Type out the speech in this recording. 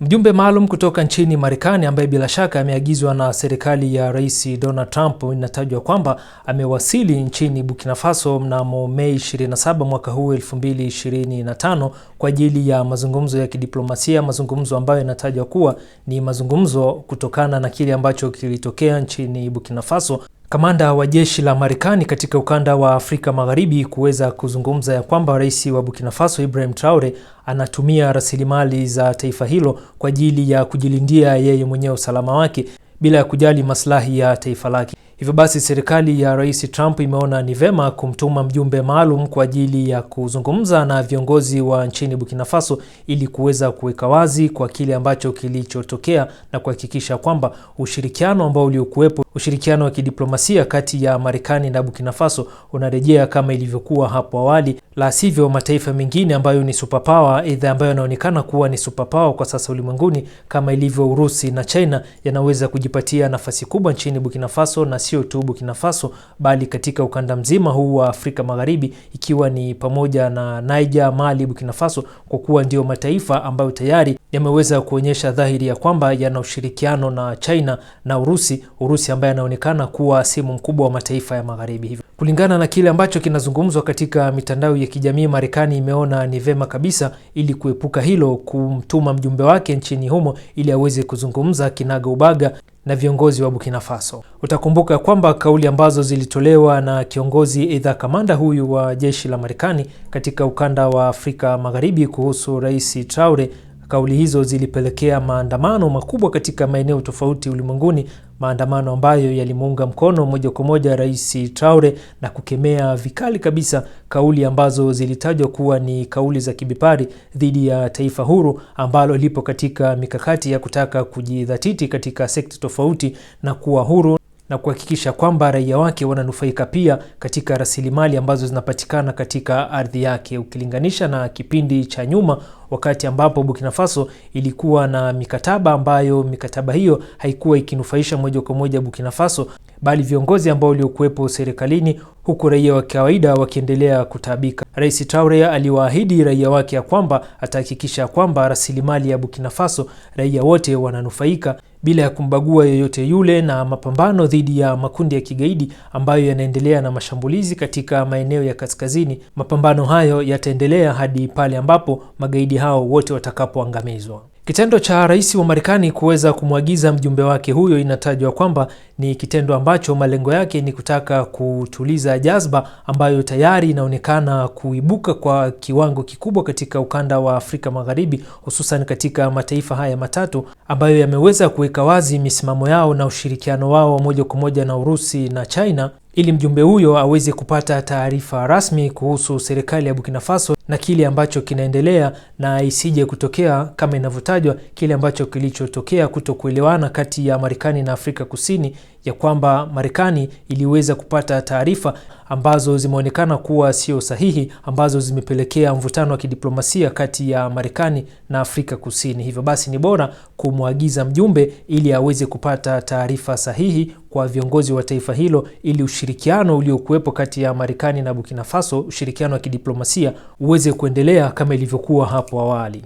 Mjumbe maalum kutoka nchini Marekani ambaye bila shaka ameagizwa na serikali ya Rais Donald Trump inatajwa kwamba amewasili nchini Burkina Faso mnamo Mei 27 mwaka huu 2025 kwa ajili ya mazungumzo ya kidiplomasia, mazungumzo ambayo yanatajwa kuwa ni mazungumzo kutokana na kile ambacho kilitokea nchini Burkina Faso Kamanda wa jeshi la Marekani katika ukanda wa Afrika Magharibi kuweza kuzungumza ya kwamba rais wa Burkina Faso Ibrahim Traore anatumia rasilimali za taifa hilo kwa ajili ya kujilindia yeye mwenyewe usalama wake bila ya kujali maslahi ya taifa lake. Hivyo basi serikali ya Rais Trump imeona ni vema kumtuma mjumbe maalum kwa ajili ya kuzungumza na viongozi wa nchini Burkina Faso ili kuweza kuweka wazi kwa kile ambacho kilichotokea na kuhakikisha kwamba ushirikiano ambao uliokuwepo, ushirikiano wa kidiplomasia kati ya Marekani na Burkina Faso unarejea kama ilivyokuwa hapo awali, la sivyo mataifa mengine ambayo ni superpower, aidha ambayo yanaonekana kuwa ni superpower kwa sasa ulimwenguni kama ilivyo Urusi na China yanaweza kujipatia nafasi kubwa nchini Burkina Faso na sio tu Burkina Faso bali katika ukanda mzima huu wa Afrika Magharibi ikiwa ni pamoja na Niger, Mali, Burkina Faso kwa kuwa ndio mataifa ambayo tayari yameweza kuonyesha dhahiri ya kwamba yana ushirikiano na China na Urusi, Urusi ambaye anaonekana kuwa simu mkubwa wa mataifa ya Magharibi. Hivyo kulingana na kile ambacho kinazungumzwa katika mitandao ya kijamii, Marekani imeona ni vema kabisa, ili kuepuka hilo, kumtuma mjumbe wake nchini humo ili aweze kuzungumza kinaga ubaga na viongozi wa Burkina Faso. Utakumbuka kwamba kauli ambazo zilitolewa na kiongozi aidha kamanda huyu wa jeshi la Marekani katika ukanda wa Afrika Magharibi kuhusu Rais Traore Kauli hizo zilipelekea maandamano makubwa katika maeneo tofauti ulimwenguni, maandamano ambayo yalimuunga mkono moja kwa moja Rais Traore na kukemea vikali kabisa kauli ambazo zilitajwa kuwa ni kauli za kibepari dhidi ya taifa huru ambalo lipo katika mikakati ya kutaka kujidhatiti katika sekta tofauti na kuwa huru na kuhakikisha kwamba raia wake wananufaika pia katika rasilimali ambazo zinapatikana katika ardhi yake, ukilinganisha na kipindi cha nyuma wakati ambapo Burkina Faso ilikuwa na mikataba ambayo mikataba hiyo haikuwa ikinufaisha moja kwa moja Burkina Faso, bali viongozi ambao waliokuwepo serikalini, huku raia wa kawaida wakiendelea kutaabika. Rais Traore aliwaahidi raia wake ya kwamba atahakikisha kwamba rasilimali ya Burkina Faso raia wote wananufaika bila ya kumbagua yoyote yule na mapambano dhidi ya makundi ya kigaidi ambayo yanaendelea na mashambulizi katika maeneo ya kaskazini. Mapambano hayo yataendelea hadi pale ambapo magaidi hao wote watakapoangamizwa. Kitendo cha rais wa Marekani kuweza kumwagiza mjumbe wake huyo inatajwa kwamba ni kitendo ambacho malengo yake ni kutaka kutuliza jazba ambayo tayari inaonekana kuibuka kwa kiwango kikubwa katika ukanda wa Afrika Magharibi, hususan katika mataifa haya matatu ambayo yameweza kuweka wazi misimamo yao na ushirikiano wao wa moja kwa moja na Urusi na China ili mjumbe huyo aweze kupata taarifa rasmi kuhusu serikali ya Burkina Faso na kile ambacho kinaendelea na isije kutokea kama inavyotajwa kile ambacho kilichotokea kutokuelewana kati ya Marekani na Afrika Kusini, ya kwamba Marekani iliweza kupata taarifa ambazo zimeonekana kuwa sio sahihi, ambazo zimepelekea mvutano wa kidiplomasia kati ya Marekani na Afrika Kusini. Hivyo basi ni bora kumwagiza mjumbe ili aweze kupata taarifa sahihi kwa viongozi wa taifa hilo, ili ushirikiano uliokuwepo kati ya Marekani na Burkina Faso, ushirikiano wa kidiplomasia waweze kuendelea kama ilivyokuwa hapo awali.